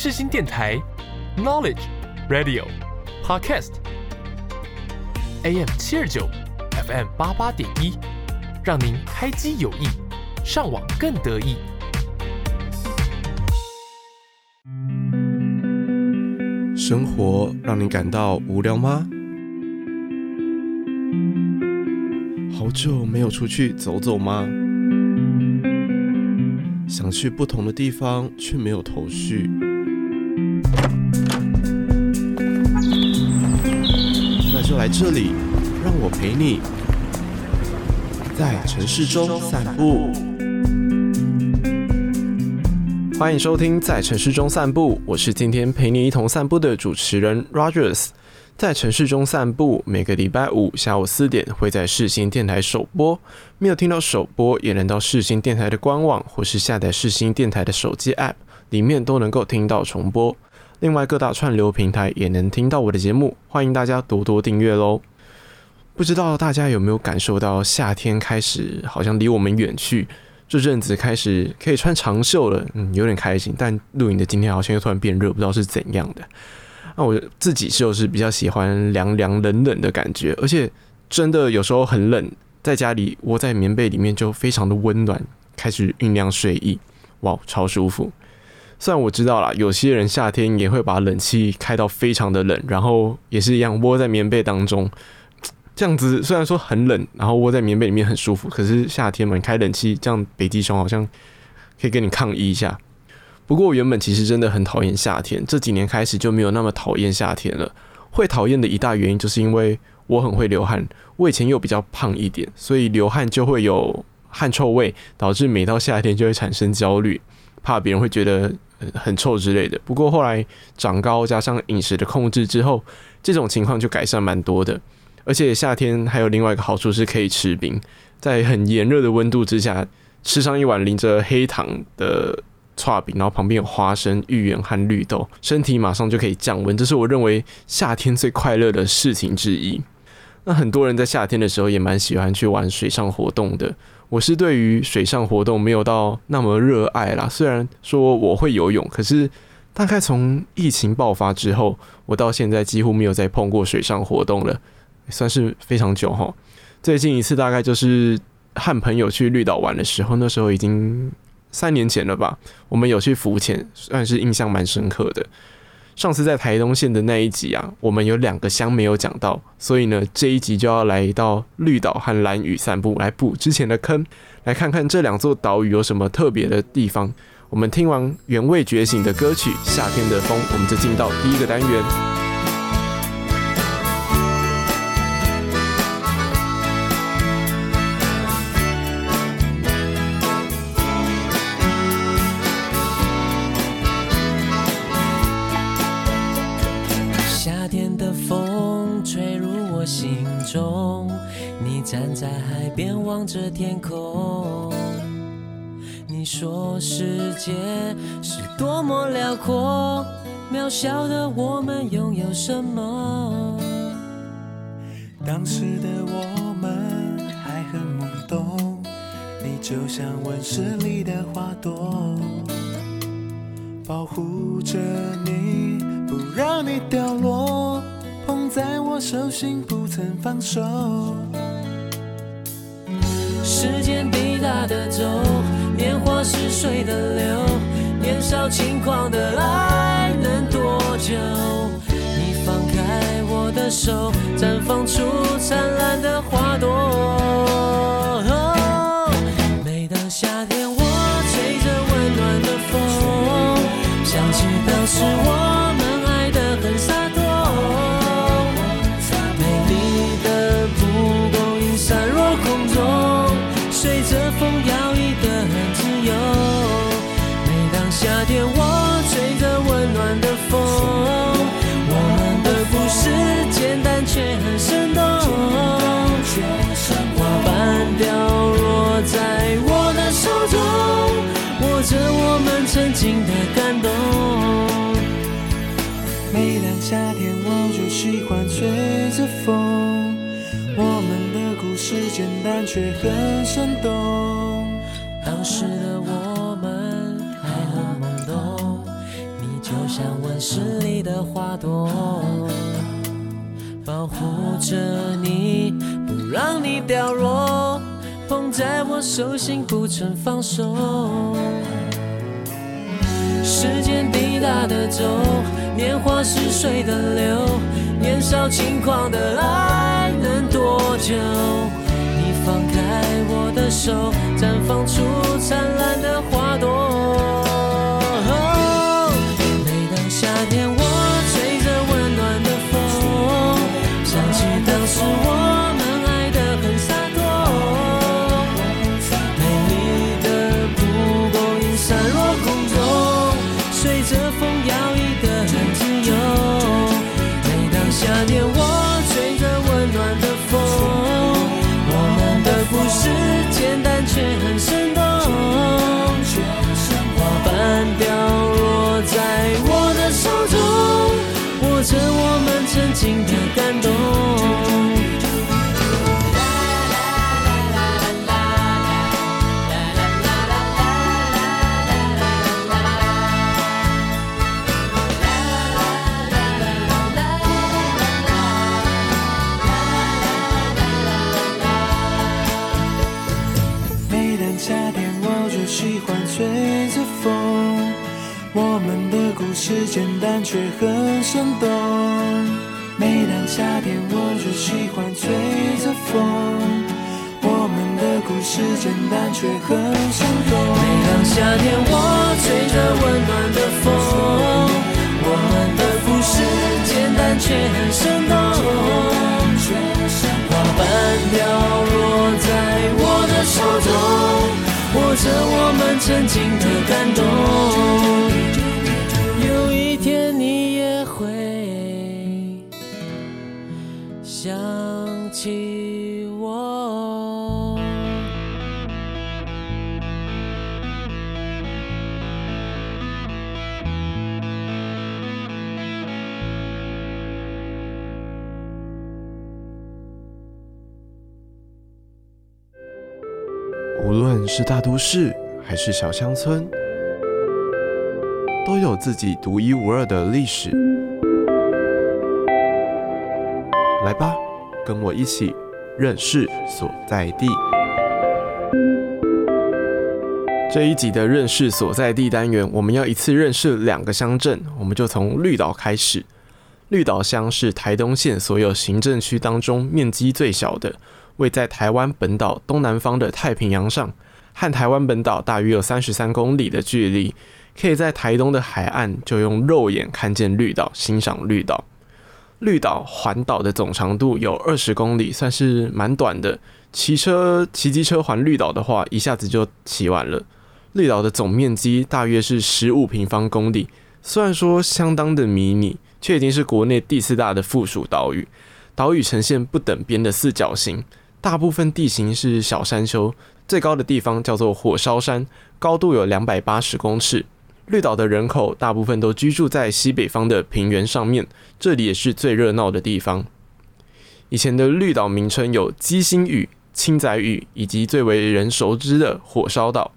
世新電台，Knowledge Radio Podcast，AM 七二九，FM 八八點一，讓您開機有益，上網更得意。生活讓你感到無聊嗎？好久沒有出去走走嗎？想去不同的地方，卻沒有頭緒。這裡讓我陪你，在城市中散步。歡迎收聽《在城市中散步》，我是今天陪你一同散步的主持人 Rogers。在城市中散步，每個禮拜五下午四點會在世新電台首播。沒有聽到首播，也能到世新電台的官網，或是下載世新電台的手機 App，裡面都能夠聽到重播。另外，各大串流平台也能聽到我的節目，歡迎大家多多訂閱嘍。不知道大家有沒有感受到夏天開始好像離我們遠去，這陣子開始可以穿長袖了，嗯，有點開心。但錄影的今天好像又突然變熱，不知道是怎樣的。那、啊、我自己就是比較喜歡涼涼冷，冷冷的感覺，而且真的有時候很冷，在家裡窩在棉被裡面就非常的溫暖，開始醞釀睡意，哇，超舒服。雖然我知道啦，有些人夏天也會把冷氣開到非常的冷，然後也是一樣窩在棉被當中，這樣子雖然說很冷，然後窩在棉被裡面很舒服。可是夏天嘛，開冷氣這樣，北極熊好像可以跟你抗議一下。不過我原本其實真的很討厭夏天，這幾年開始就沒有那麼討厭夏天了。會討厭的一大原因，就是因為我很會流汗，我以前又比較胖一點，所以流汗就會有汗臭味，導致每到夏天就會產生焦慮。怕別人會覺得很臭之類的。不過後來長高加上飲食的控制之後，這種情況就改善蠻多的。而且夏天還有另外一個好處，是可以吃冰。在很炎熱的溫度之下，吃上一碗淋着黑糖的剉冰，然後旁邊有花生、芋圓和綠豆，身體馬上就可以降溫。這是我認為夏天最快樂的事情之一。那很多人在夏天的時候也蠻喜歡去玩水上活動的。我是對於水上活動沒有到那麼熱愛啦，雖然說我會游泳，可是大概從疫情爆發之後，我到現在幾乎沒有再碰過水上活動了，算是非常久齁。最近一次大概就是和朋友去綠島玩的時候，那時候已經三年前了吧。我們有去浮潛，算是印象蠻深刻的。上次在台東縣的那一集啊，我們有兩個鄉沒有講到，所以呢，這一集就要來到綠島和蘭嶼散步，來補之前的坑，來看看這兩座島嶼有什麼特別的地方。我們聽完元衛覺醒的歌曲《夏天的風》，我們就進到第一個單元。望着天空，你說世界是多麼遼闊，渺小的我們擁有什麼？當時的我們還很懵懂，你就像溫室裡的花朵，保護着你不讓你掉落，捧在我手心不曾放手。的走，年華似水的流，年少輕狂的愛能多久？你放開我的手，綻放出燦爛的花朵。每當夏天，我吹着溫暖的風，想起當時我，卻很生動，花瓣掉落在我的手中，握着我們曾經的感動。每當夏天，我就喜歡吹着風，我們的故事簡單卻很生動。當時的我們還很懵懂，你就像溫室裡的花朵。着你，不讓你掉落，捧在我手心，不曾放手。時間滴答的走，年華似水的流，年少輕狂的愛能多久？你放開我的手，綻放出燦爛的花朵，oh。每當夏天。曾經的感動，有一天你也會想起我。無論是大都市。還是小鄉村，都有自己獨一無二的歷史。來吧，跟我一起認識所在地。這一集的認識所在地單元，我們要一次認識兩個鄉鎮，我們就從綠島開始。綠島鄉是台東縣所有行政區當中面積最小的，位在台灣本島東南方的太平洋上。和台灣本島大約有三十三公里的距離，可以在台東的海岸就用肉眼看見綠島，欣賞綠島。綠島環島的總長度有二十公里，算是蠻短的。騎車、騎機車環綠島的話，一下子就騎完了。綠島的總面積大約是十五平方公里，雖然說相當的迷你，卻已經是國內第四大的附屬島嶼。島嶼呈現不等邊的四角形，大部分地形是小山丘。最高的地方叫做火燒山，高度有兩百八十公尺。綠島的人口大部分都居住在西北方的平原上面，這裡也是最熱鬧的地方。以前的綠島名稱有雞心嶼、青仔嶼，以及最為人熟知的火燒島。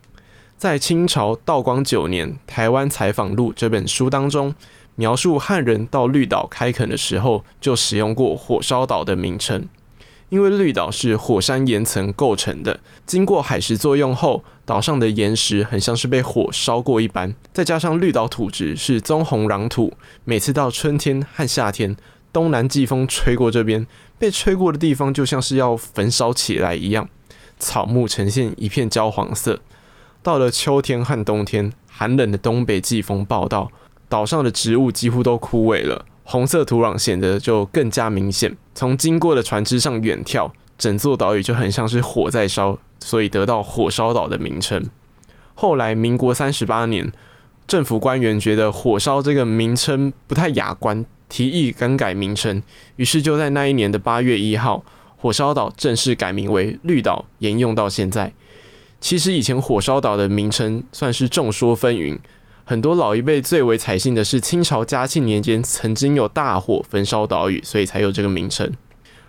在清朝道光九年《台灣采訪錄》這本書當中，描述漢人到綠島開墾的時候，就使用過火燒島的名稱。因為綠島是火山岩層構成的，經過海蝕作用後，島上的岩石很像是被火燒過一般。再加上綠島土質是棕紅壤土，每次到春天和夏天，東南季風吹過這邊，被吹過的地方就像是要焚燒起來一樣，草木呈現一片焦黃色。到了秋天和冬天，寒冷的東北季風報到，島上的植物幾乎都枯萎了。紅色土壤顯得就更加明顯。從經過的船只上遠眺，整座島嶼就很像是火在燒，所以得到“火燒島”的名稱。後來，民國三十八年，政府官員覺得“火燒”這個名稱不太雅觀，提議更改名稱。於是就在那一年的八月一號，火燒島正式改名為綠島，沿用到現在。其實以前火燒島的名稱算是眾說紛紜。很多老一輩最為採信的是清朝嘉慶年間曾經有大火焚燒島嶼，所以才有這個名稱。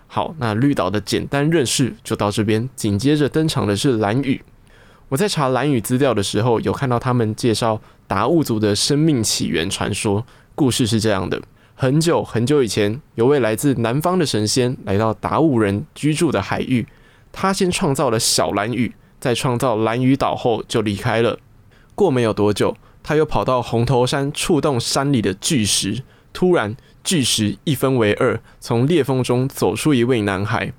好，那綠島的簡單認識就到這邊。緊接着登場的是蘭嶼，我在查蘭嶼資料的時候，有看到他們介紹達悟族的生命起源傳說。故事是這樣的：很久很久以前，有位來自南方的神仙來到達悟人居住的海域，他先創造了小蘭嶼，在創造蘭嶼島後就離開了。過沒有多久。他又跑到紅頭山，觸動山裡的巨石，突然巨石一分為二，從裂縫中走出一位男孩。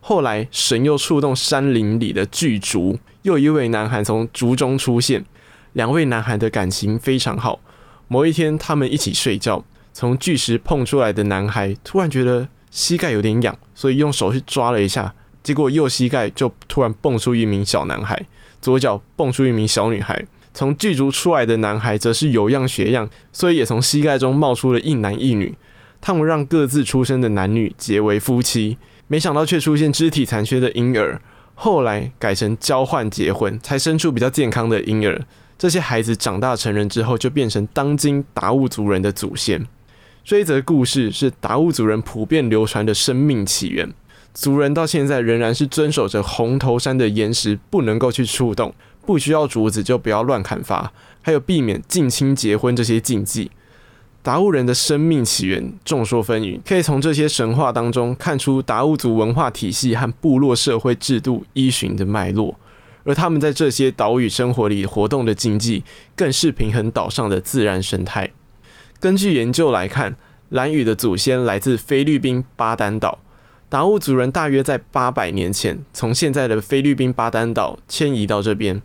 後來神又觸動山林裡的巨竹，又一位男孩從竹中出現。兩位男孩的感情非常好。某一天，他們一起睡覺，從巨石碰出來的男孩突然覺得膝蓋有點癢，所以用手去抓了一下，結果右膝蓋就突然蹦出一名小男孩，左腳蹦出一名小女孩。從巨族出來的男孩則是有樣學樣，所以也從膝蓋中冒出了一男一女。他們讓各自出生的男女結為夫妻，沒想到卻出現肢體殘缺的嬰兒。後來改成交換結婚，才生出比較健康的嬰兒。這些孩子長大成人之後，就變成當今達悟族人的祖先。這一則故事是達悟族人普遍流傳的生命起源。族人到現在仍然是遵守着紅頭山的岩石，不能夠去觸動。不需要竹子就不要亂砍伐，還有避免近親結婚這些禁忌。達悟人的生命起源眾說紛紜，可以從這些神話當中看出達悟族文化體系和部落社會制度依循的脈絡，而他們在這些島嶼生活裡活動的經濟，更是平衡島上的自然生態。根據研究來看，蘭嶼的祖先來自菲律賓巴丹島，達悟族人大約在八百年前從現在的菲律賓巴丹島遷移到這邊。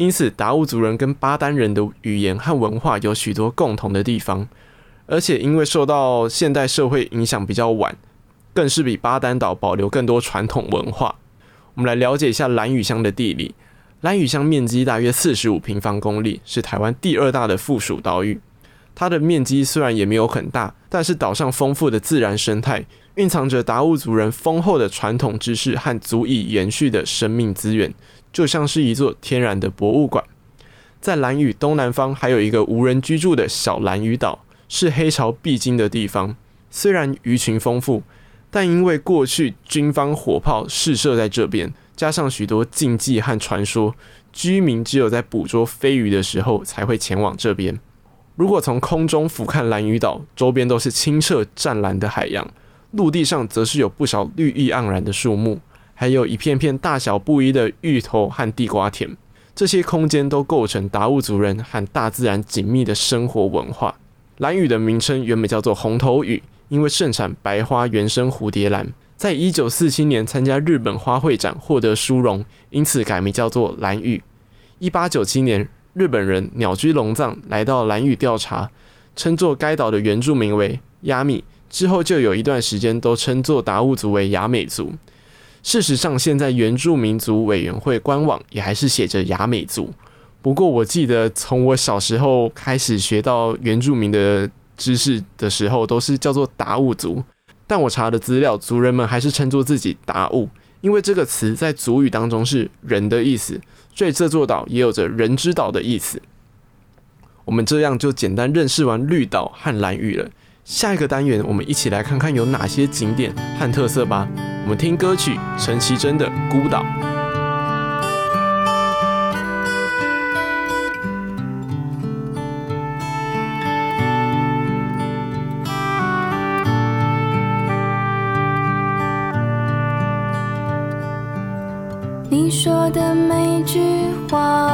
因此，達悟族人跟巴丹人的語言和文化有許多共同的地方，而且因為受到現代社會影響比較晚，更是比巴丹島保留更多傳統文化。我們來了解一下蘭嶼鄉的地理。蘭嶼鄉面積大約四十五平方公里，是台灣第二大的附屬島嶼。它的面積雖然也沒有很大，但是島上豐富的自然生態，蘊藏着達悟族人豐厚的傳統知識和足以延續的生命資源。就像是一座天然的博物館。在蘭嶼東南方，還有一個無人居住的小蘭嶼島，是黑潮必經的地方。雖然魚群豐富，但因為過去軍方火炮試射在這邊，加上許多禁忌和傳說，居民只有在捕捉飛魚的時候才會前往這邊。如果從空中俯瞰蘭嶼島，周邊都是清澈湛藍的海洋，陸地上則是有不少綠意盎然的樹木。還有一片片大小不一的芋頭和地瓜田，這些空間都構成達悟族人和大自然緊密的生活文化。蘭嶼的名稱原本叫做紅頭嶼，因為盛產白花原生蝴蝶蘭，在一九四七年參加日本花卉展獲得殊榮，因此改名叫做蘭嶼。一八九七年，日本人鳥居龍藏來到蘭嶼調查，稱作該島的原住民為雅美，之後就有一段時間都稱作達悟族為雅美族。事實上，現在原住民族委員會官網也還是寫着雅美族。不過，我記得從我小時候開始學到原住民的知識的時候，都是叫做達悟族。但我查的資料，族人們還是稱作自己達悟，因為這個詞在族語當中是“人的”意思，所以這座島也有着“人之島”的意思。我們這樣就簡單認識完綠島和蘭嶼了。下一個單元，我們一起來看看有哪些景點和特色吧。我們聽歌曲陳綺貞的《孤島》，你說的每句話，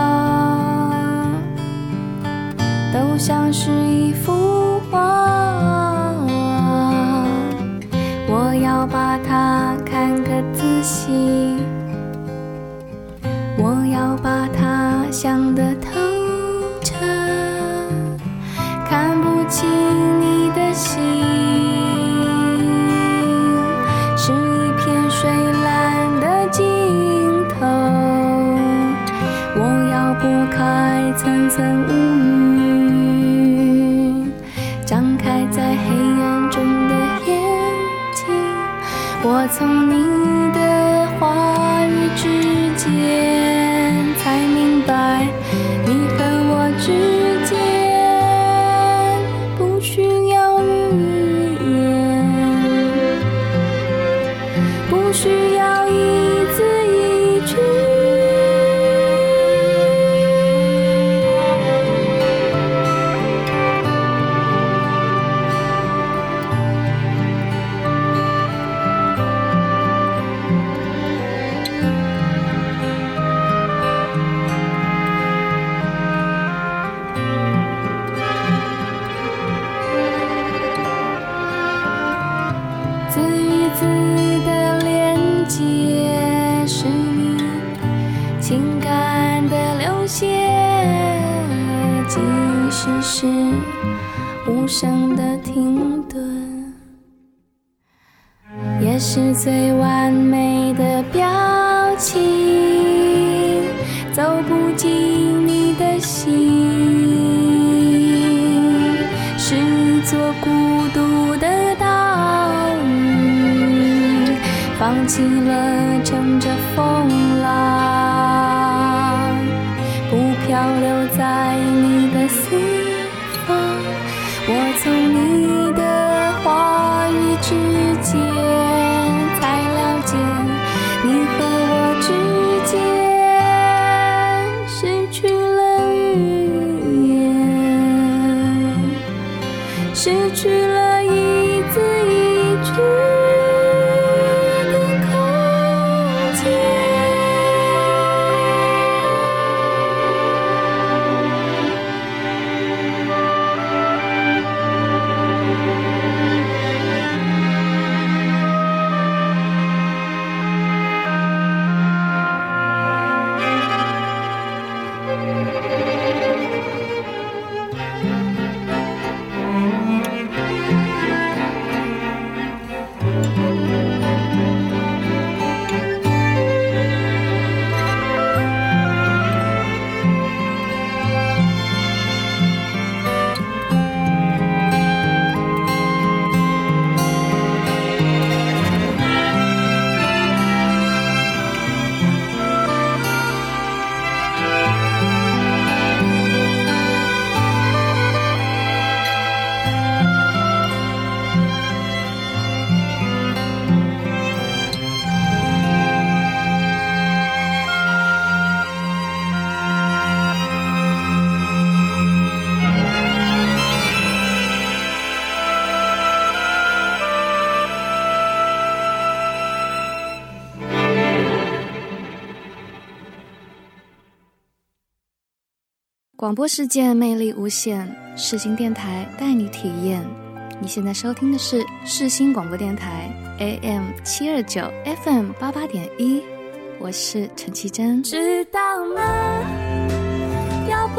都像是一幅畫。把它想得透徹，看不清你的心是一片水藍的盡頭。我要撥開層層烏雲，張開在黑暗中的眼睛，我從你。廣播世界魅力無限，世新電台帶你體驗。你現在收聽的是世新廣播電台，AM 七二九，FM 八八點一。我是陳綺貞。知道嗎？要不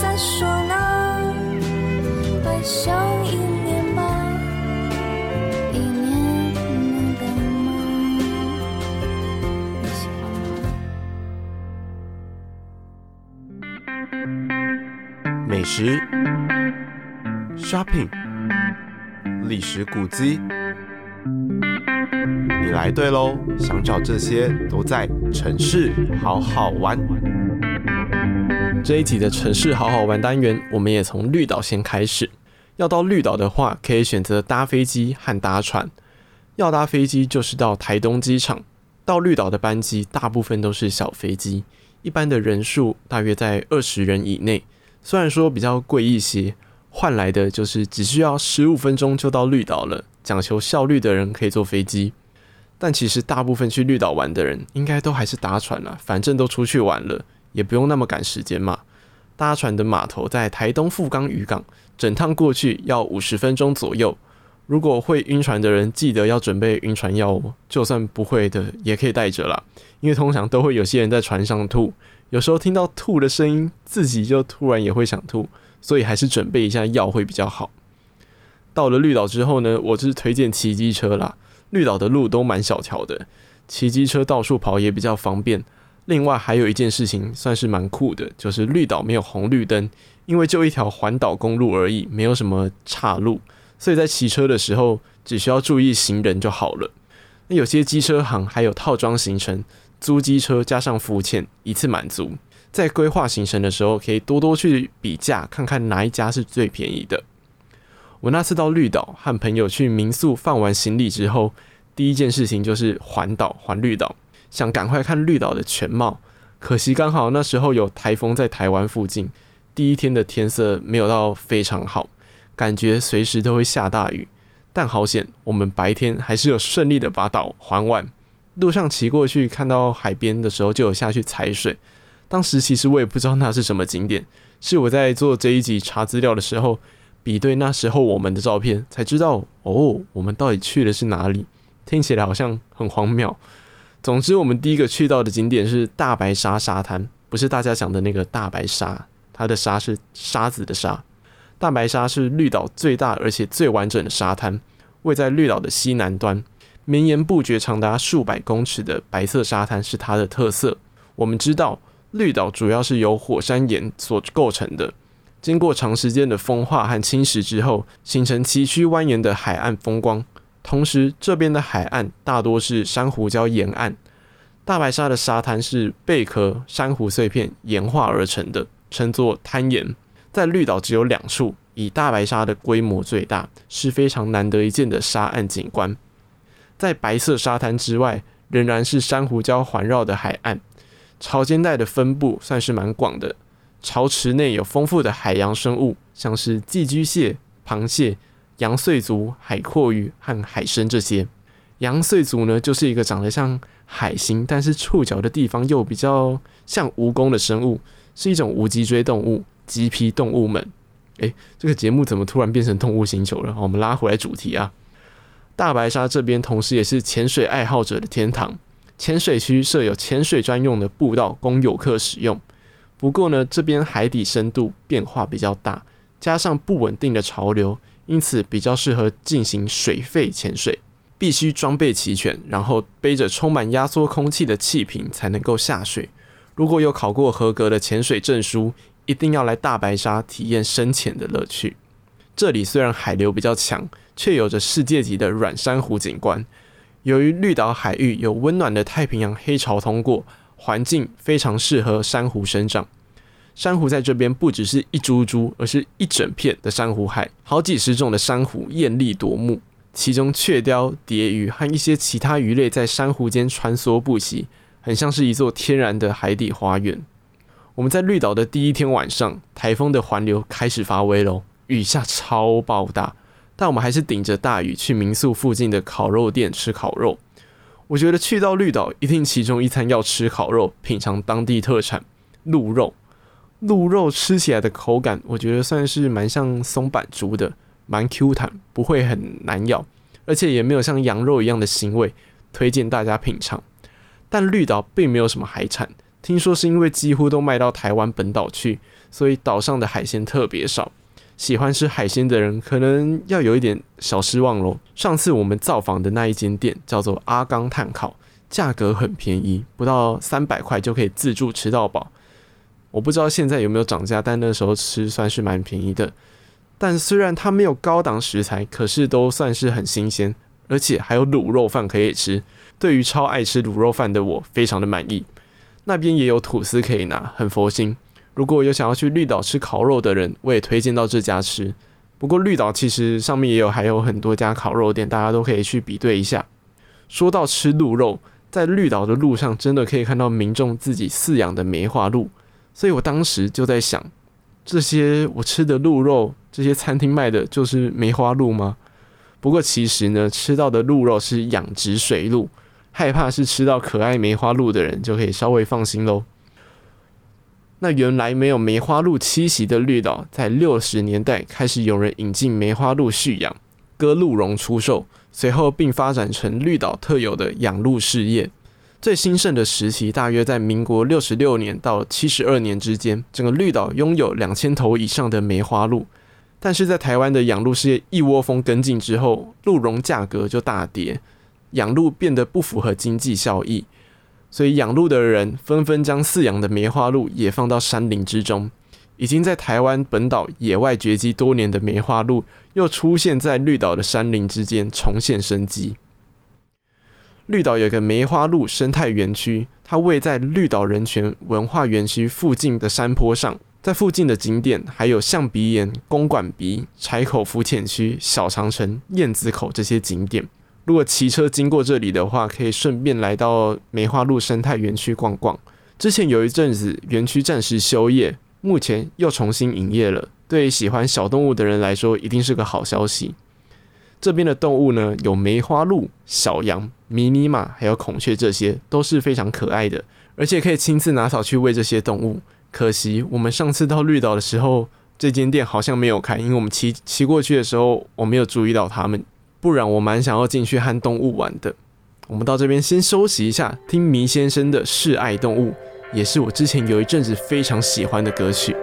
再說呢？回聲一十 shopping 歷史古蹟，你來對嘍！想找這些，都在城市好好玩。這一集的城市好好玩單元，我們也從綠島先開始。要到綠島的話，可以選擇搭飛機和搭船。要搭飛機，就是到台東機場。到綠島的班機，大部分都是小飛機，一般的人數大約在二十人以內。雖然說比較貴一些，換來的就是只需要十五分鐘就到綠島了。講求效率的人可以坐飛機，但其實大部分去綠島玩的人應該都還是搭船啦。反正都出去玩了，也不用那麼趕時間嘛。搭船的碼頭在台東富岡漁港，整趟過去要五十分鐘左右。如果會暈船的人，記得要準備暈船藥哦；就算不會的，也可以帶着啦，因為通常都會有些人在船上吐。有時候聽到吐的聲音，自己就突然也會想吐，所以還是準備一下藥會比較好。到了綠島之後呢，我就是推薦騎機車啦。綠島的路都蠻小條的，騎機車到處跑也比較方便。另外還有一件事情算是蠻酷的，就是綠島沒有紅綠燈，因為就一條環島公路而已，沒有什麼岔路。所以在騎車的時候，只需要注意行人就好了。那有些機車行還有套裝行程，租機車加上浮潛，一次滿足。在規劃行程的時候，可以多多去比價，看看哪一家是最便宜的。我那次到綠島，和朋友去民宿放完行李之後，第一件事情就是環島，環綠島，想趕快看綠島的全貌。可惜剛好那時候有颱風在台灣附近，第一天的天色沒有到非常好。感覺隨時都會下大雨，但好險，我們白天還是有順利的把島環完。路上騎過去，看到海邊的時候，就有下去踩水。當時其實我也不知道那是什麼景點，是我在做這一集查資料的時候，比對那時候我們的照片，才知道哦，我們到底去的是哪裡？聽起來好像很荒謬。總之，我們第一個去到的景點是大白沙沙灘，不是大家想的那個大白鯊，它的沙是沙子的沙。大白沙是綠島最大而且最完整的沙灘，位在綠島的西南端。綿延不絕、長達數百公尺的白色沙灘是它的特色。我們知道，綠島主要是由火山岩所構成的，經過長時間的風化和侵蝕之後，形成崎嶇蜿蜒的海岸風光。同時，這邊的海岸大多是珊瑚礁沿岸。大白沙的沙灘是貝殼、珊瑚碎片岩化而成的，稱作灘岩。在綠島只有兩處，以大白沙的規模最大，是非常難得一見的沙岸景觀。在白色沙灘之外，仍然是珊瑚礁環繞的海岸，潮間帶的分布算是蠻廣的。潮池內有豐富的海洋生物，像是寄居蟹、螃蟹、陽燧足、海蛞蝓和海參這些。陽燧足呢，就是一個長得像海星，但是觸角的地方又比較像蜈蚣的生物，是一種無脊椎動物。G.P. 動物們，誒，這個節目怎麼突然變成動物星球了？我們拉回來主題啊！大白沙這邊同時也是潛水愛好者的天堂，潛水區設有潛水專用的步道供遊客使用。不過呢，這邊海底深度變化比較大，加上不穩定的潮流，因此比較適合進行水肺潛水。必須裝備齊全，然後背着充滿壓縮空氣的氣瓶才能夠下水。如果有考過合格的潛水證書，一定要來大白鯊體驗深潛的樂趣。這裡雖然海流比較強，卻有着世界級的軟珊瑚景觀。由於綠島海域有溫暖的太平洋黑潮通過，環境非常適合珊瑚生長。珊瑚在這邊不只是一株株，而是一整片的珊瑚海，好幾十種的珊瑚艷麗奪目。其中雀鯛、蝶魚和一些其他魚類在珊瑚間穿梭不息，很像是一座天然的海底花園。我們在綠島的第一天晚上，颱風的環流開始發威囉，雨下超暴大。但我們還是頂着大雨去民宿附近的烤肉店吃烤肉。我覺得去到綠島，一定其中一餐要吃烤肉，品嚐當地特產鹿肉。鹿肉吃起來的口感，我覺得算是蠻像松阪豬的，蠻 Q 彈，不會很難咬，而且也沒有像羊肉一樣的腥味，推薦大家品嚐。但綠島並沒有什麼海產。聽說是因為幾乎都賣到台灣本島去，所以島上的海鮮特別少。喜歡吃海鮮的人可能要有一點小失望咯。上次我們造訪的那一間店叫做阿剛炭烤，價格很便宜，不到三百塊就可以自助吃到飽。我不知道現在有沒有漲價，但那時候吃算是蠻便宜的。但雖然它沒有高檔食材，可是都算是很新鮮，而且還有滷肉飯可以吃。對於超愛吃滷肉飯的我，非常的滿意。那邊也有吐司可以拿，很佛心。如果有想要去綠島吃烤肉的人，我也推薦到這家吃。不過綠島其實上面也有還有很多家烤肉店，大家都可以去比對一下。說到吃鹿肉，在綠島的路上真的可以看到民眾自己飼養的梅花鹿。所以我當時就在想，這些我吃的鹿肉，這些餐廳賣的就是梅花鹿嗎？不過其實呢，吃到的鹿肉是養殖水鹿。害怕是吃到可愛梅花鹿的人就可以稍微放心嘍。那原來沒有梅花鹿棲息的綠島，在六十年代開始有人引進梅花鹿畜養，割鹿茸出售，隨後並發展成綠島特有的養鹿事業。最興盛的時期大約在民國六十六年到七十二年之間，整個綠島擁有兩千頭以上的梅花鹿。但是在台灣的養鹿事業一窩蜂跟進之後，鹿茸價格就大跌。養鹿變得不符合經濟效益，所以養鹿的人紛紛將飼養的梅花鹿也放到山林之中。已經在台灣本島野外絕跡多年的梅花鹿，又出現在綠島的山林之間，重現生機。綠島有個梅花鹿生態園區，它位在綠島人權文化園區附近的山坡上，在附近的景點還有象鼻岩、公館鼻、柴口浮潛區、小長城、燕子口這些景點。如果騎車經過這裡的話，可以順便來到梅花鹿生態園區逛逛。之前有一陣子園區暫時休業，目前又重新營業了。對喜歡小動物的人來說，一定是個好消息。這邊的動物呢，有梅花鹿、小羊、迷你馬，還有孔雀，這些都是非常可愛的，而且可以親自拿草去餵這些動物。可惜我們上次到綠島的時候，這間店好像沒有開，因為我們騎騎過去的時候，我沒有注意到它們。不然我蠻想要進去和動物玩的。我們到這邊先休息一下，聽麋先生的《嗜愛動物》，也是我之前有一陣子非常喜歡的歌曲。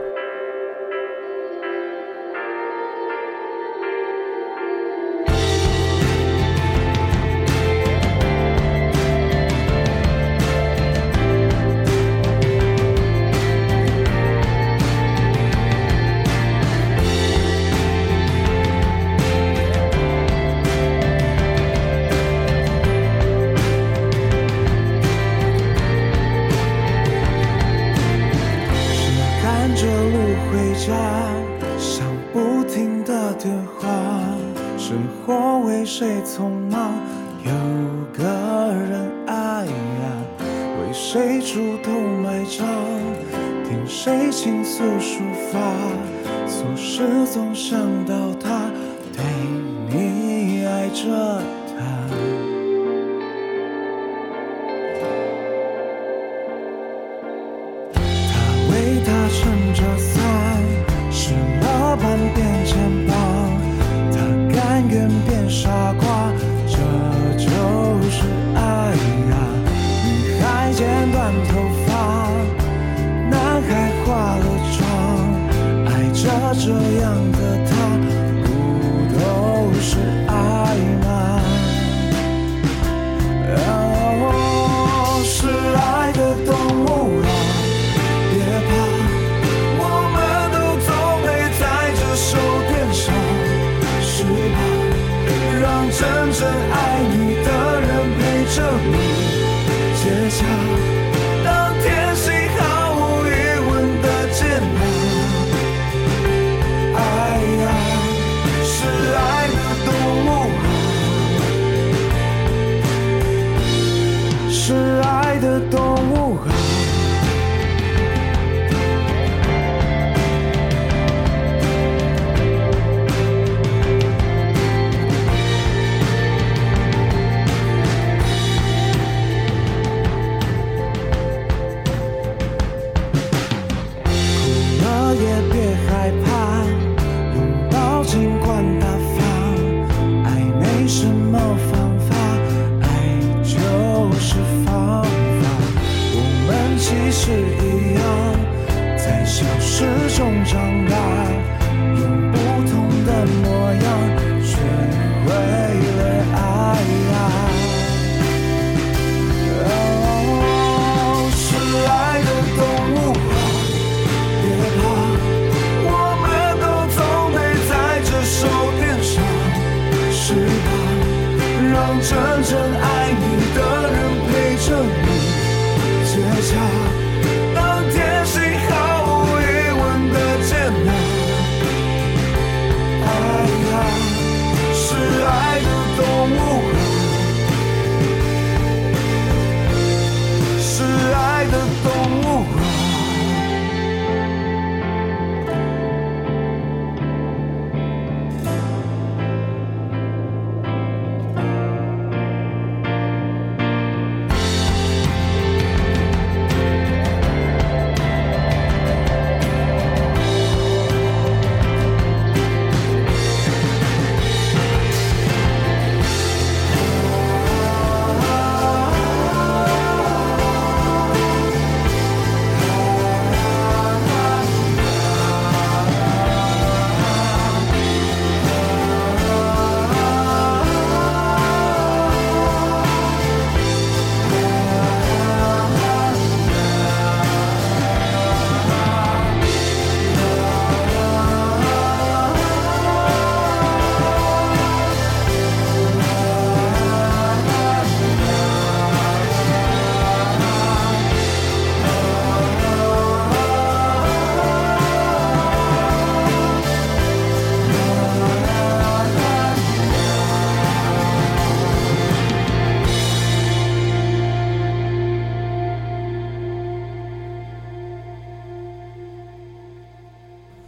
換遍肩膀，他甘願變傻瓜。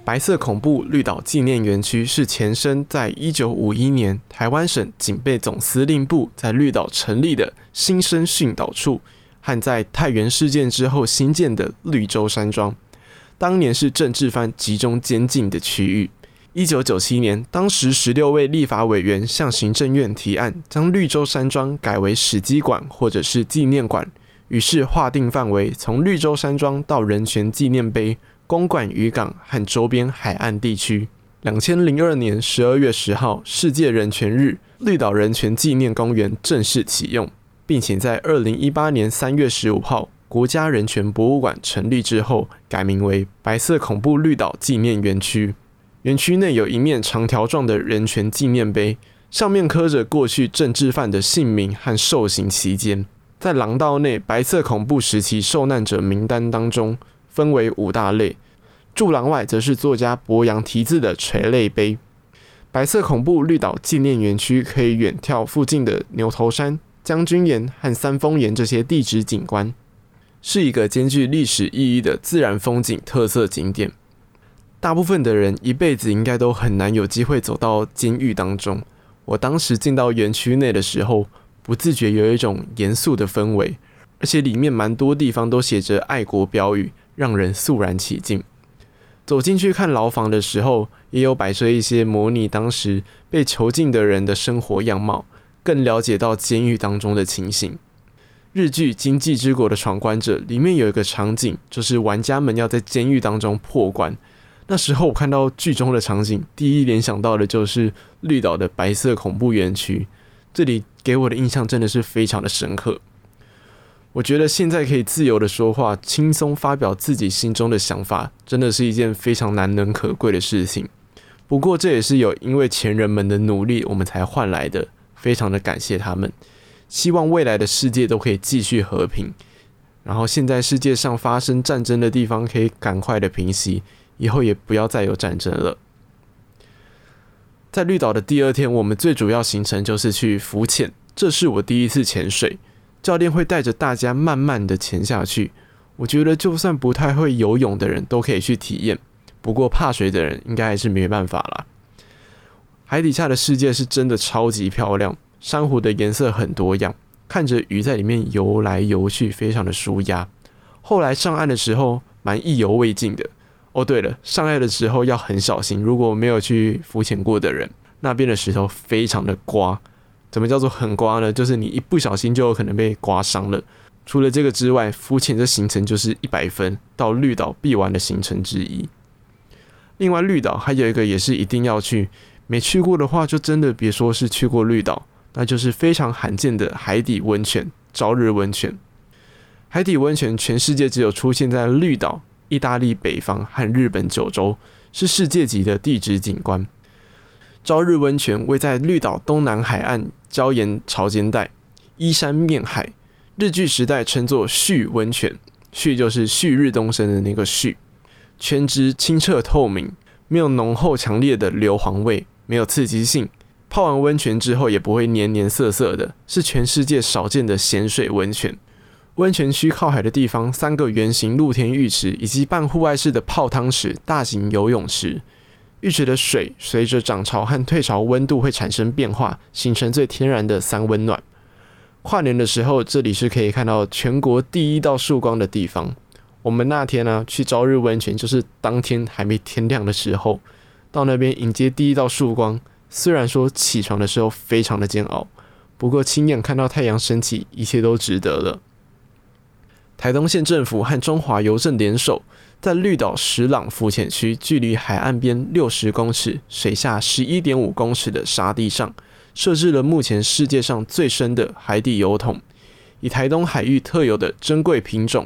白色恐怖綠島紀念園區是前身在，在一九五一年台灣省警備總司令部在綠島成立的新生訓導處，和在太原事件之後新建的綠洲山莊，當年是政治犯集中監禁的區域。一九九七年，當時十六位立法委員向行政院提案，將綠洲山莊改為史蹟館或者是紀念館，於是劃定範圍從綠洲山莊到人權紀念碑。公館漁港和周邊海岸地區。兩千零二年十二月十號，世界人權日，綠島人權紀念公園正式啟用，並且在二零一八年三月十五號，國家人權博物館成立之後，改名為“白色恐怖綠島紀念園區”。園區內有一面長條狀的人權紀念碑，上面刻着過去政治犯的姓名和受刑期間。在廊道內，“白色恐怖時期受難者名單”當中。分為五大類，柱廊外則是作家柏楊題字的垂淚碑。白色恐怖綠島紀念園區可以遠眺附近的牛頭山、將軍岩和三峰岩這些地質景觀，是一個兼具歷史意義的自然風景特色景點。大部分的人一輩子應該都很難有機會走到監獄當中。我當時進到園區內的時候，不自覺有一種嚴肅的氛圍，而且裡面蠻多地方都寫着愛國標語。讓人肅然起敬。走進去看牢房的時候，也有擺設一些模擬當時被囚禁的人的生活樣貌，更了解到監獄當中的情形。日劇《今際之國》的闖關者裡面有一個場景，就是玩家們要在監獄當中破關。那時候我看到劇中的場景，第一聯想到的就是綠島的白色恐怖園區，這裡給我的印象真的是非常的深刻。我覺得現在可以自由的說話，輕鬆發表自己心中的想法，真的是一件非常難能可貴的事情。不過這也是有因為前人們的努力，我們才換來的，非常的感謝他們。希望未來的世界都可以繼續和平，然後現在世界上發生戰爭的地方可以趕快的平息，以後也不要再有戰爭了。在綠島的第二天，我們最主要行程就是去浮潛，這是我第一次潛水。教練會帶着大家慢慢的潛下去，我覺得就算不太會游泳的人都可以去體驗，不過怕水的人應該還是沒辦法啦。海底下的世界是真的超級漂亮，珊瑚的顏色很多樣，看着魚在裡面游來游去，非常的舒壓。後來上岸的時候，蠻意猶未盡的。哦，對了，上岸的時候要很小心，如果沒有去浮潛過的人，那邊的石頭非常的刮。怎麼叫做很刮呢？就是你一不小心就有可能被刮傷了。除了這個之外，浮潛的行程就是一百分，到綠島必玩的行程之一。另外，綠島還有一個也是一定要去，沒去過的話就真的別說是去過綠島，那就是非常罕見的海底溫泉，朝日溫泉。海底溫泉全世界只有出現在綠島、意大利北方和日本九州，是世界級的地質景觀。朝日溫泉位在綠島東南海岸礁岩潮間帶，依山面海。日據時代稱作旭溫泉，旭就是旭日東升的那個旭。泉質清澈透明，沒有濃厚強烈的硫磺味，沒有刺激性。泡完溫泉之後也不會黏黏澀澀的，是全世界少見的鹹水溫泉。溫泉區靠海的地方，三個圓形露天浴池以及半戶外式的泡湯池、大型游泳池。浴池的水隨着漲潮和退潮，溫度會產生變化，形成最天然的三溫暖。跨年的時候，這裡是可以看到全國第一道曙光的地方。我們那天呢、啊，去朝日溫泉，就是當天還沒天亮的時候，到那邊迎接第一道曙光。雖然說起床的時候非常的煎熬，不過親眼看到太陽升起，一切都值得了。台東縣政府和中華郵政聯手，在綠島石朗浮潛區，距離海岸邊六十公尺、水下十一點五公尺的沙地上，設置了目前世界上最深的海底郵筒。以台東海域特有的珍貴品種，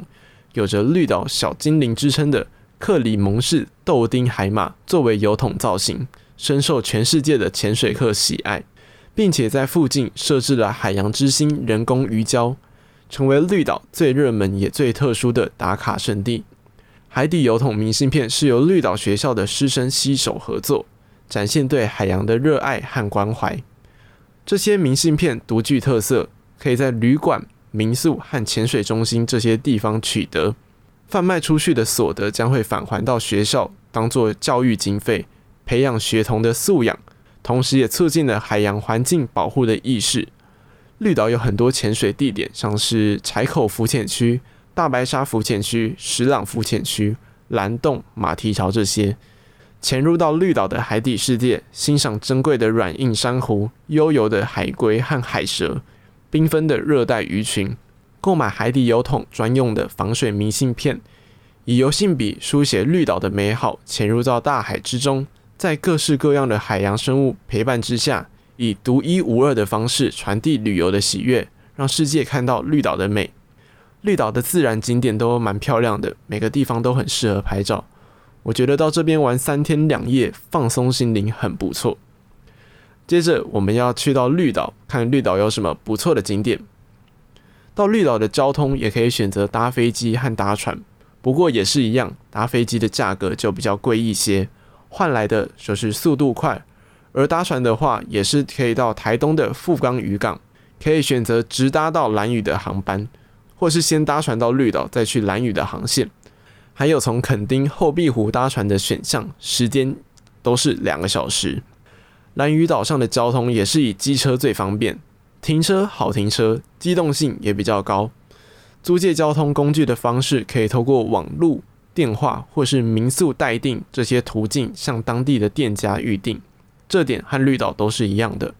有着“綠島小精靈”之稱的克里蒙氏豆丁海馬作為郵筒造型，深受全世界的潛水客喜愛，並且在附近設置了海洋之星人工魚礁，成為綠島最熱門也最特殊的打卡聖地。海底郵筒明信片是由綠島學校的師生攜手合作，展現對海洋的熱愛和關懷。這些明信片獨具特色，可以在旅館、民宿和潛水中心這些地方取得。販賣出去的所得將會返還到學校，當做教育經費，培養學童的素養，同時也促進了海洋環境保護的意識。綠島有很多潛水地點，像是柴口浮潛區。大白沙浮潛區、石朗浮潛區、藍洞、馬蹄橋這些，潛入到綠島的海底世界，欣賞珍貴的軟硬珊瑚、悠遊的海龜和海蛇、繽紛的熱帶魚群，購買海底郵筒專用的防水明信片，以油性筆書寫綠島的美好，潛入到大海之中，在各式各樣的海洋生物陪伴之下，以獨一無二的方式傳遞旅遊的喜悅，讓世界看到綠島的美。綠島的自然景點都蠻漂亮的，每個地方都很適合拍照。我覺得到這邊玩三天兩夜，放鬆心靈很不錯。接着我們要去到綠島，看綠島有什麼不錯的景點。到綠島的交通也可以選擇搭飛機和搭船，不過也是一樣，搭飛機的價格就比較貴一些，換來的就是速度快。而搭船的話，也是可以到台東的富岡漁港，可以選擇直搭到蘭嶼的航班。或是先搭船到綠島，再去蘭嶼的航線，還有從墾丁後壁湖搭船的選項，時間都是兩個小時。蘭嶼島上的交通也是以機車最方便，停車好停車，機動性也比較高。租借交通工具的方式，可以透過網絡、電話或是民宿代訂這些途徑向當地的店家預定。這點和綠島都是一樣的。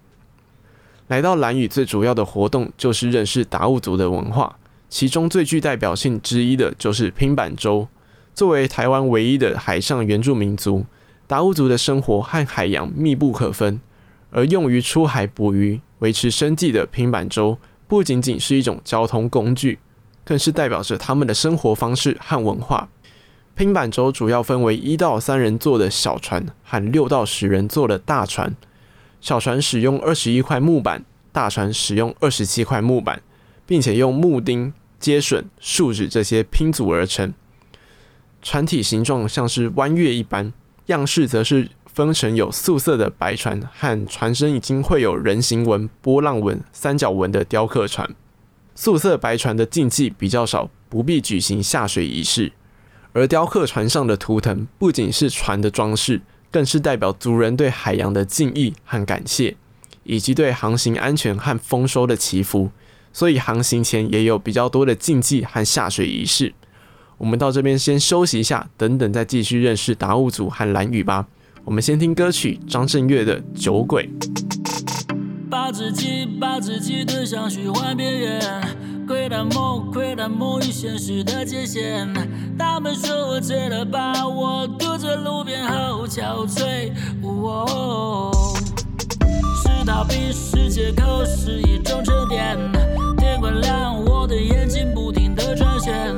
來到蘭嶼最主要的活動就是認識達悟族的文化。其中最具代表性之一的就是拼板舟。作為台灣唯一的海上原住民族，達悟族的生活和海洋密不可分，而用於出海捕魚、維持生計的拼板舟，不僅僅是一種交通工具，更是代表着他們的生活方式和文化。拼板舟主要分為一到三人坐的小船和六到十人坐的大船。小船使用二十一塊木板，大船使用二十七塊木板，並且用木釘。接榫、樹脂這些拼組而成，船體形狀像是彎月一般，樣式則是分成有素色的白船和船身已經繪有人形紋、波浪紋、三角紋的雕刻船。素色白船的禁忌比較少，不必舉行下水儀式，而雕刻船上的圖騰不僅是船的裝飾，更是代表族人對海洋的敬意和感謝，以及對航行安全和豐收的祈福。所以航行前也有比較多的禁忌和下水儀式。我們到這邊先休息一下，等等再繼續認識達悟族和蘭嶼吧。我們先聽歌曲張震嶽的《酒鬼》。把自己把自己推向虛幻邊緣，窺探夢窺探夢與現實的界限。他們說我醉了吧，我獨坐路邊好憔悴。是逃避，是借口，是一種沉澱。原諒我的眼睛不停地轉圈。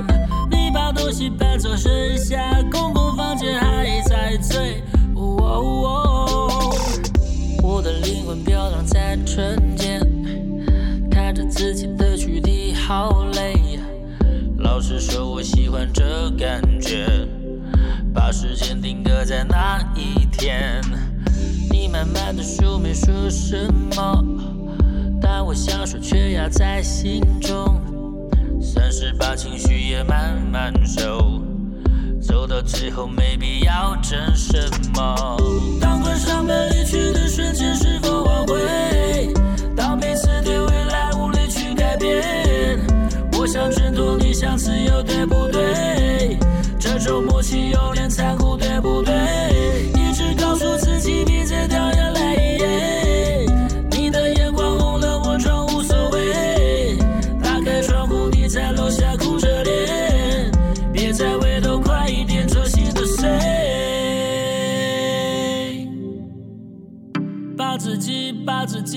你把東西搬走，剩下公共房間還在醉、哦。哦哦、我的靈魂飄蕩在春天，看着自己的軀體，好累。老實說，我喜歡這感覺。把時間定格在那一天，你慢慢的說，沒說什麼？但我想說，卻壓在心中，算是把情緒也慢慢收。走到最後，沒必要爭什麼。當關上門離去的瞬間，是否挽回？當彼此對未來無力去改變，我想掙脫，你想自由，對不對？這種默契有點殘酷。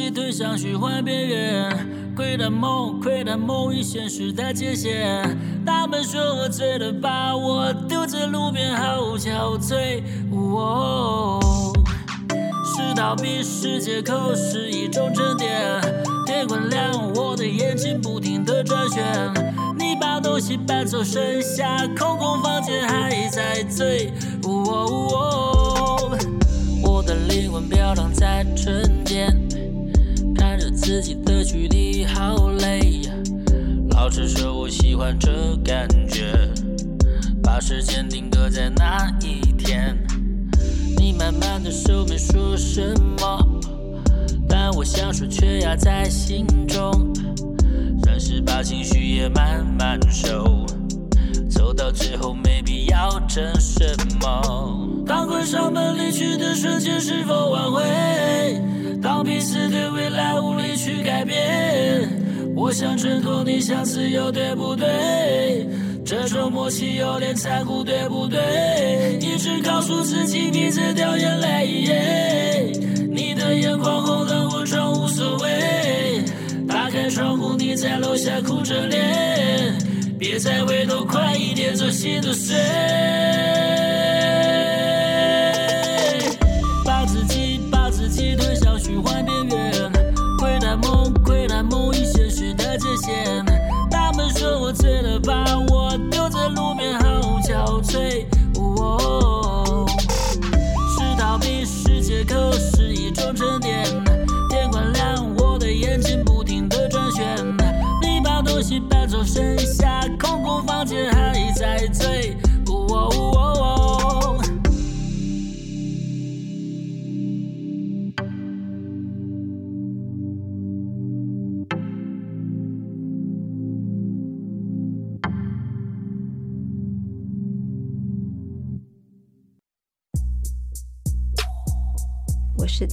推向虛幻邊緣，窺探夢，窺探夢與現實的界限。他們說我醉了，把我丟在路邊，好無憔悴、哦。哦、是逃避，是借口，是一種沉澱。天快亮，我的眼睛不停地轉圈。你把東西搬走，剩下空空房間還在醉、哦。哦哦、我的靈魂飄蕩在塵。自己的距離好累，老實說，我喜歡這感覺。把時間定格在那一天，你慢慢的說沒說什麼，但我想說卻壓在心中。算是把情緒也慢慢收，走到最後沒必要爭什麼。當關上門離去的瞬間，是否挽回？當彼此對未來無力去改變，我想掙脫，你想自由，對不對？這種默契有點殘酷，對不對？一直告訴自己別再掉眼淚，你的眼眶紅了，我裝無所謂。打開窗戶，你在樓下哭着臉，別再回頭，快一點，做心都碎。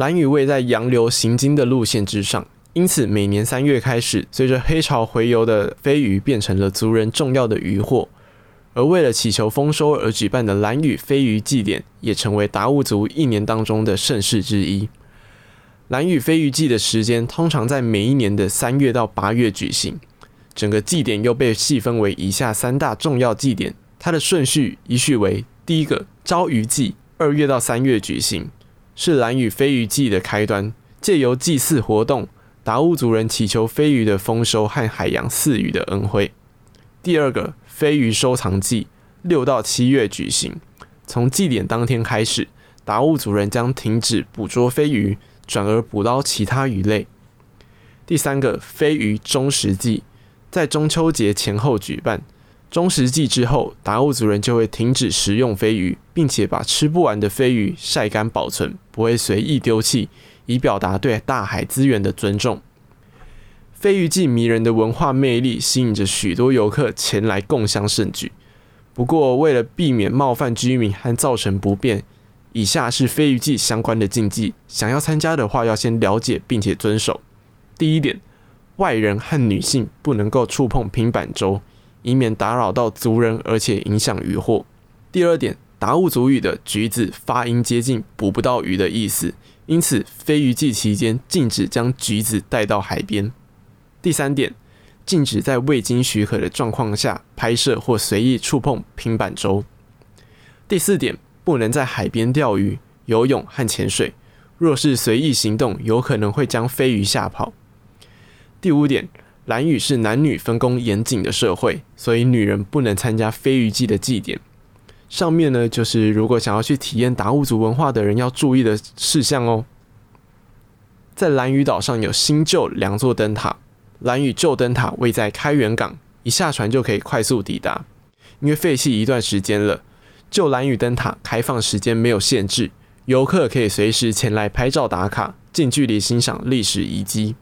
蘭嶼位在洋流行經的路線之上，因此每年三月開始，隨着黑潮回游的飛魚變成了族人重要的漁獲。而為了祈求豐收而舉辦的蘭嶼飛魚祭典，也成為達悟族一年當中的盛事之一。蘭嶼飛魚祭的時間通常在每一年的三月到八月舉行，整個祭典又被細分為以下三大重要祭典，它的順序依序為第一個招魚祭，二月到三月舉行。是蘭嶼飛魚祭的開端，借由祭祀活動，達悟族人祈求飛魚的豐收和海洋賜予的恩惠。第二個飛魚收藏祭，六到七月舉行，從祭典當天開始，達悟族人將停止捕捉飛魚，轉而捕撈其他魚類。第三個飛魚終食祭，在中秋節前後舉辦。中終食祭之後，達悟族人就會停止食用飛魚，並且把吃不完的飛魚曬乾保存，不會隨意丟棄，以表達對大海資源的尊重。飛魚祭迷人的文化魅力吸引着許多遊客前來共襄盛舉。不過，為了避免冒犯居民和造成不便，以下是飛魚祭相關的禁忌。想要參加的話，要先了解並且遵守。第一點，外人和女性不能夠觸碰拼板舟。以免打擾到族人，而且影響魚獲。第二點，達悟族語的“橘子”發音接近“捕不到魚”的意思，因此飛魚季期間禁止將橘子帶到海邊。第三點，禁止在未經許可的狀況下拍攝或隨意觸碰拼板舟。第四點，不能在海邊釣魚、游泳和潛水，若是隨意行動，有可能會將飛魚嚇跑。第五點。蘭嶼是男女分工嚴謹的社會，所以女人不能參加飛魚祭的祭典。上面呢，就是如果想要去體驗達悟族文化的人要注意的事項哦。在蘭嶼島上有新舊兩座燈塔，蘭嶼舊燈塔位在開元港，一下船就可以快速抵達。因為廢棄一段時間了，舊蘭嶼燈塔開放時間沒有限制，遊客可以隨時前來拍照打卡，近距離欣賞歷史遺迹。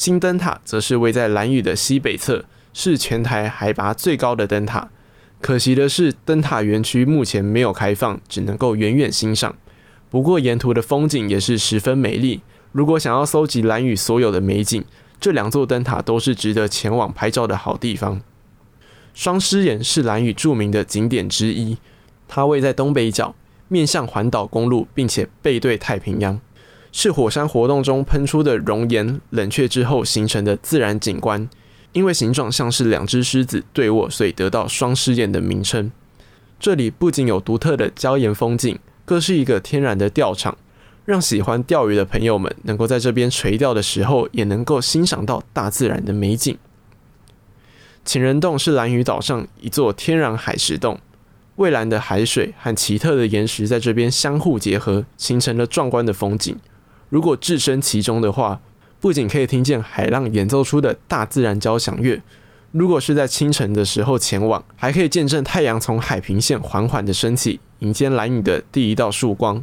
新燈塔則是位在蘭嶼的西北側，是全台海拔最高的燈塔。可惜的是，燈塔園區目前沒有開放，只能夠遠遠欣賞。不過沿途的風景也是十分美麗。如果想要蒐集蘭嶼所有的美景，這兩座燈塔都是值得前往拍照的好地方。雙獅岩是蘭嶼著名的景點之一，它位在東北角，面向環島公路，並且背對太平洋。是火山活動中噴出的熔岩冷卻之後形成的自然景觀，因為形狀像是兩只獅子對臥，所以得到“雙獅岩”的名稱。這裡不僅有獨特的礁岩風景，更是一個天然的釣場，讓喜歡釣魚的朋友們能夠在這邊垂釣的時候，也能夠欣賞到大自然的美景。情人洞是蘭嶼島上一座天然海蝕洞，蔚藍的海水和奇特的岩石在這邊相互結合，形成了壯觀的風景。如果置身其中的話，不僅可以聽見海浪演奏出的大自然交響樂，如果是在清晨的時候前往，還可以見證太陽從海平線緩緩的升起，迎接蘭嶼的第一道曙光。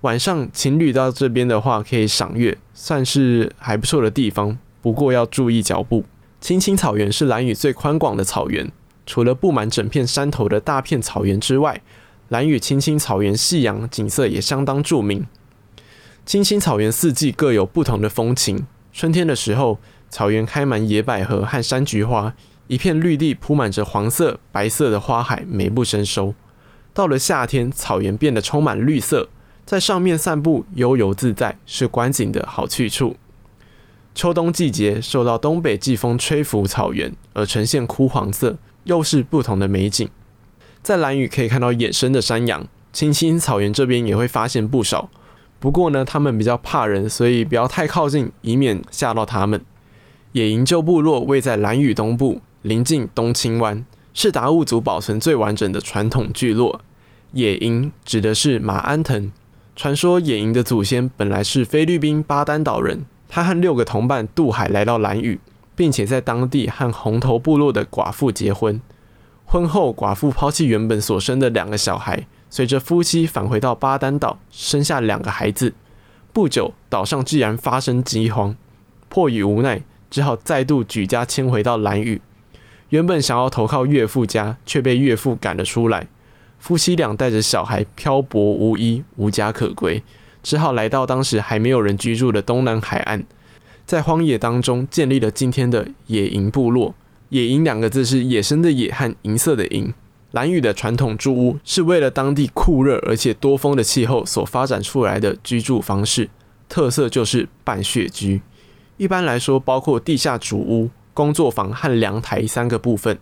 晚上，情侶到這邊的話可以賞月，算是還不錯的地方。不過要注意腳步。青青草原是蘭嶼最寬廣的草原，除了佈滿整片山頭的大片草原之外，蘭嶼青青草原夕陽景色也相當著名。青青草原四季各有不同的風情。春天的時候，草原開滿野百合和山菊花，一片綠地鋪滿着黃色、白色的花海，美不勝收。到了夏天，草原變得充滿綠色，在上面散步悠游自在，是觀景的好去處。秋冬季節受到東北季風吹拂，草原而呈現枯黃色，又是不同的美景。在蘭嶼可以看到野生的山羊，青青草原這邊也會發現不少。不過呢，他們比較怕人，所以不要太靠近，以免嚇到他們。野銀舊部落位在蘭嶼東部，臨近東清灣，是達悟族保存最完整的傳統聚落。野銀指的是馬鞍藤。傳說野銀的祖先本來是菲律賓巴丹島人，他和六個同伴渡海來到蘭嶼，並且在當地和紅頭部落的寡婦結婚。婚後，寡婦拋棄原本所生的兩個小孩。隨着夫妻返回到巴丹島，生下兩個孩子。不久，島上居然發生饑荒，迫於無奈，只好再度舉家遷回到蘭嶼。原本想要投靠岳父家，卻被岳父趕了出來。夫妻倆帶着小孩漂泊無依，無家可歸，只好來到當時還沒有人居住的東南海岸，在荒野當中建立了今天的野銀部落。野銀兩個字是野生的野和銀色的銀。蘭嶼的傳統住屋是為了當地酷熱而且多風的氣候所發展出來的居住方式，特色就是半穴居。一般來說，包括地下主屋、工作房和涼台三個部分。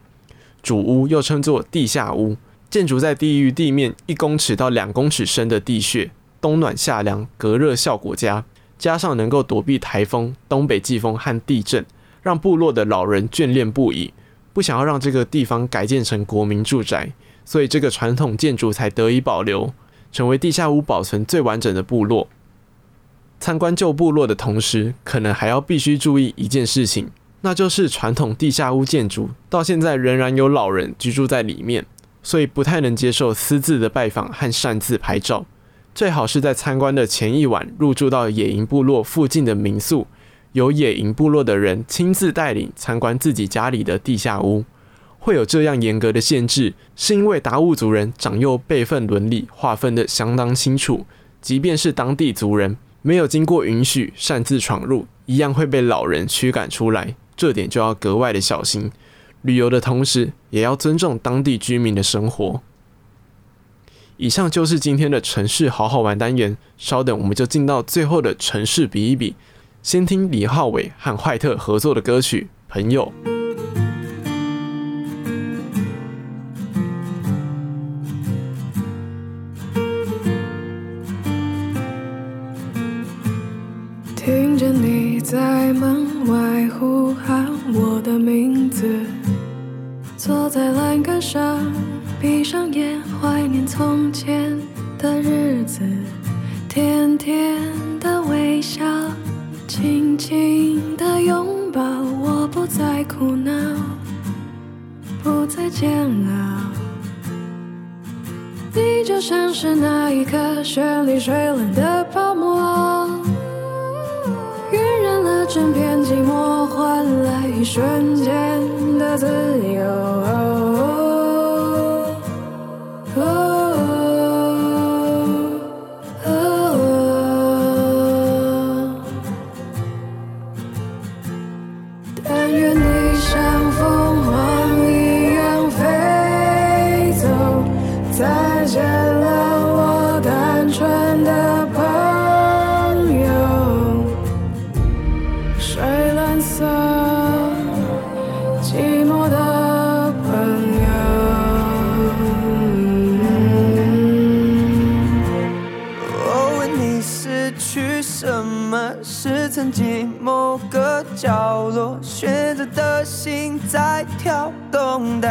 主屋又稱作地下屋，建築在低於地面一公尺到兩公尺深的地穴，冬暖夏涼，隔熱效果佳，加上能夠躲避台風、東北季風和地震，讓部落的老人眷戀不已。不想要讓這個地方改建成國民住宅，所以這個傳統建築才得以保留，成為地下屋保存最完整的部落。參觀舊部落的同時，可能還要必須注意一件事情，那就是傳統地下屋建築到現在仍然有老人居住在裡面，所以不太能接受私自的拜訪和擅自拍照。最好是在參觀的前一晚入住到野營部落附近的民宿。由野營部落的人親自帶領參觀自己家裡的地下屋，會有這樣嚴格的限制，是因為達悟族人長幼輩分倫理劃分的相當清楚，即便是當地族人沒有經過允許擅自闖入，一樣會被老人驅趕出來，這點就要格外的小心。旅遊的同時也要尊重當地居民的生活。以上就是今天的城市好好玩單元，稍等，我們就進到最後的城市比一比。先聽李浩偉和壞特合作的歌曲《朋友》。聽見你在門外呼喊我的名字，坐在欄杆上，閉上眼，懷念從前的日子，甜甜的微笑。輕輕的擁抱，我不再苦惱，不再煎熬。你就像是那一顆絢麗水冷的泡沫，暈染了整片寂寞，換來一瞬間的自由。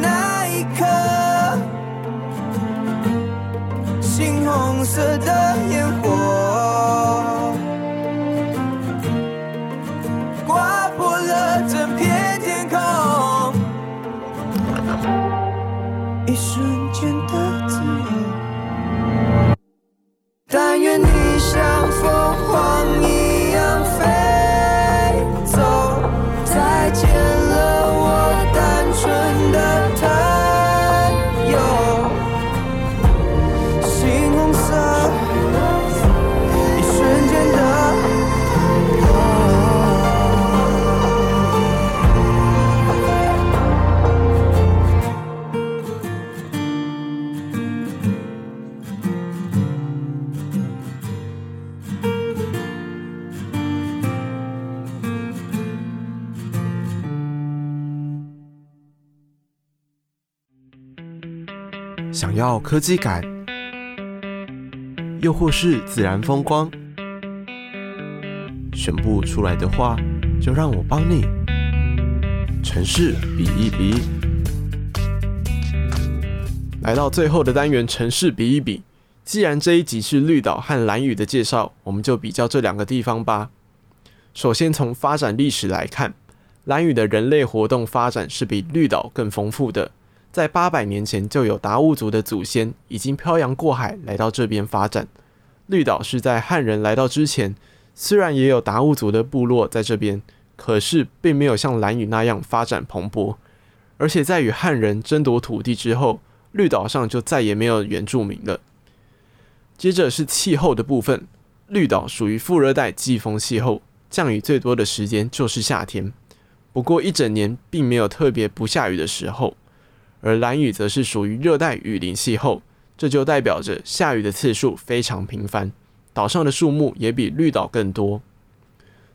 那一刻，猩紅色的煙火劃破了整片天空，一瞬間的自由。但願你像鳳凰一樣飛走，再見。要科技感，又或是自然風光，選不出來的話，就讓我幫你城市比一比。來到最後的單元，城市比一比。既然這一集是綠島和蘭嶼的介紹，我們就比較這兩個地方吧。首先從發展歷史來看，蘭嶼的人類活動發展是比綠島更豐富的。在八百年前，就有達悟族的祖先已經漂洋過海來到這邊發展。綠島是在漢人來到之前，雖然也有達悟族的部落在這邊，可是並沒有像蘭嶼那樣發展蓬勃。而且在與漢人爭奪土地之後，綠島上就再也沒有原住民了。接着是氣候的部分，綠島屬於副熱帶季風氣候，降雨最多的時間就是夏天，不過一整年並沒有特別不下雨的時候。而蘭嶼則是屬於熱帶雨林氣候，這就代表着下雨的次數非常頻繁，島上的樹木也比綠島更多。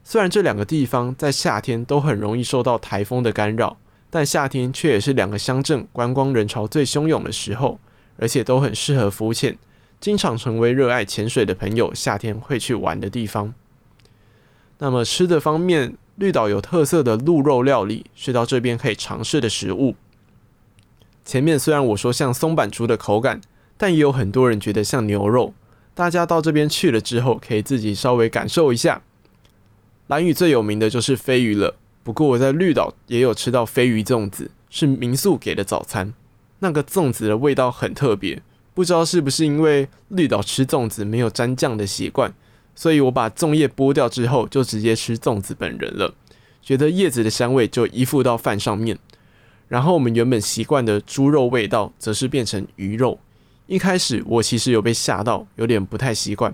雖然這兩個地方在夏天都很容易受到台風的干擾，但夏天卻也是兩個鄉鎮觀光人潮最洶湧的時候，而且都很適合浮潛，經常成為熱愛潛水的朋友夏天會去玩的地方。那麼吃的方面，綠島有特色的鹿肉料理是到這邊可以嘗試的食物。前面雖然我說像松阪豬的口感，但也有很多人覺得像牛肉。大家到這邊去了之後，可以自己稍微感受一下。蘭嶼最有名的就是飛魚了，不過我在綠島也有吃到飛魚粽子，是民宿給的早餐。那個粽子的味道很特別，不知道是不是因為綠島吃粽子沒有沾醬的習慣，所以我把粽葉剝掉之後，就直接吃粽子本人了。覺得葉子的香味就依附到飯上面。然後我們原本習慣的豬肉味道，則是變成魚肉。一開始我其實有被嚇到，有點不太習慣。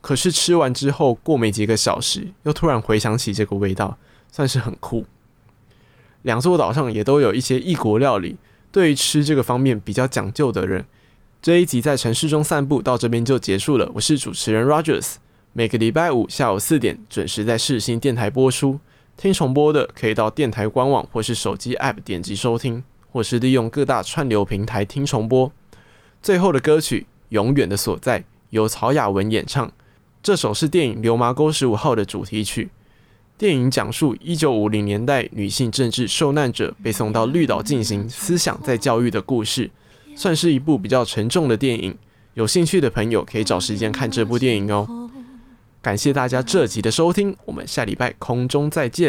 可是吃完之後，過沒幾個小時，又突然回想起這個味道，算是很酷。兩座島上也都有一些異國料理，對於吃這個方面比較講究的人。這一集在城市中散步到這邊就結束了。我是主持人 Rogers，每個禮拜五下午四點準時在世新電台播出。聽重播的可以到電臺官網或是手機 App 點擊收聽，或是利用各大串流平台聽重播。最後的歌曲《永遠的所在》由曹雅雯演唱，這首是電影《流麻溝十五號》的主題曲。電影講述1950年代女性政治受難者被送到綠島進行思想再教育的故事，算是一部比較沉重的電影。有興趣的朋友可以找時間看這部電影哦。感謝大家這集的收聽，我們下禮拜空中再見。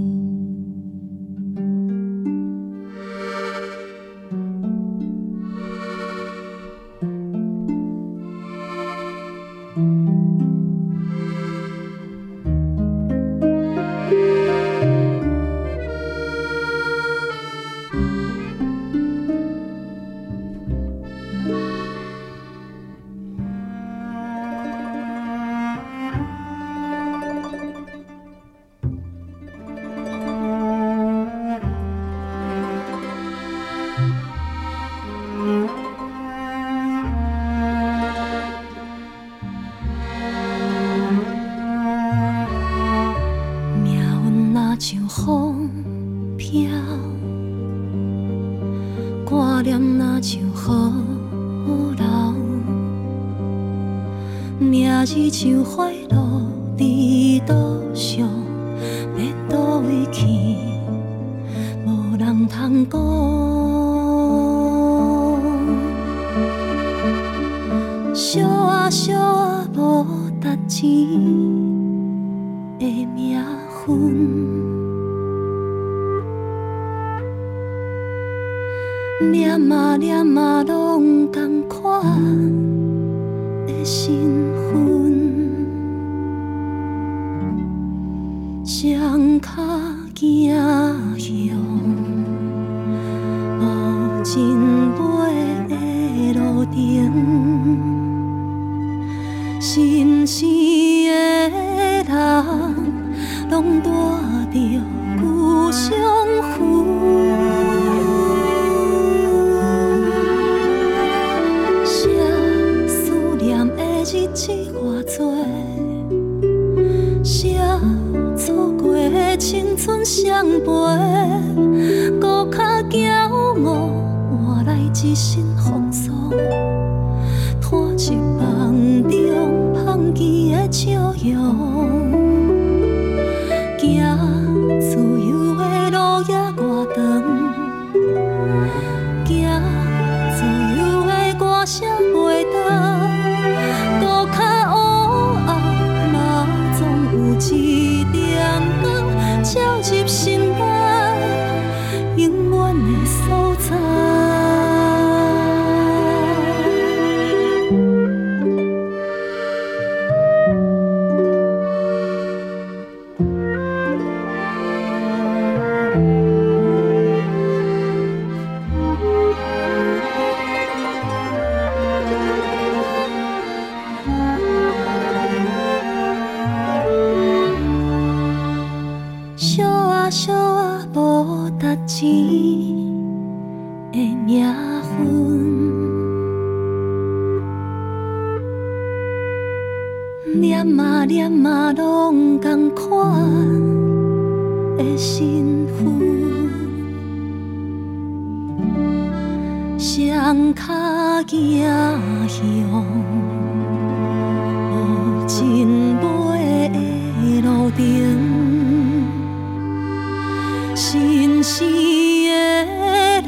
心事的人，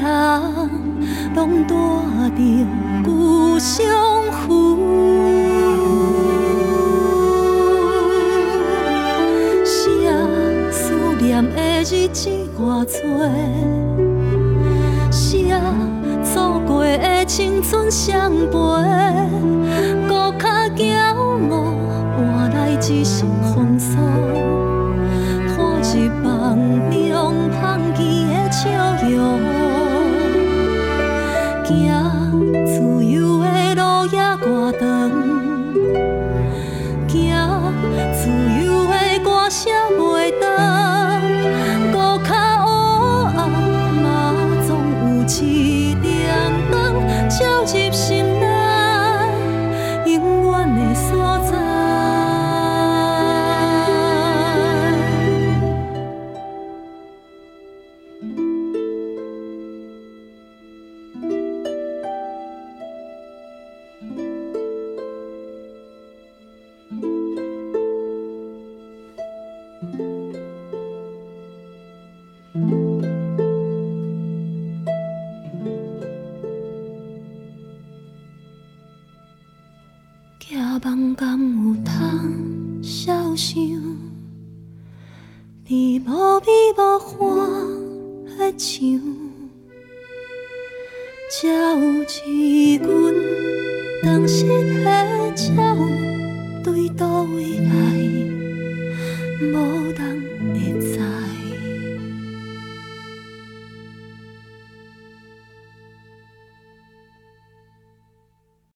攏帶着舊傷痕。誰思念的日子偌多，誰錯過的青春誰賠？骨卡驕傲換來一身風霜。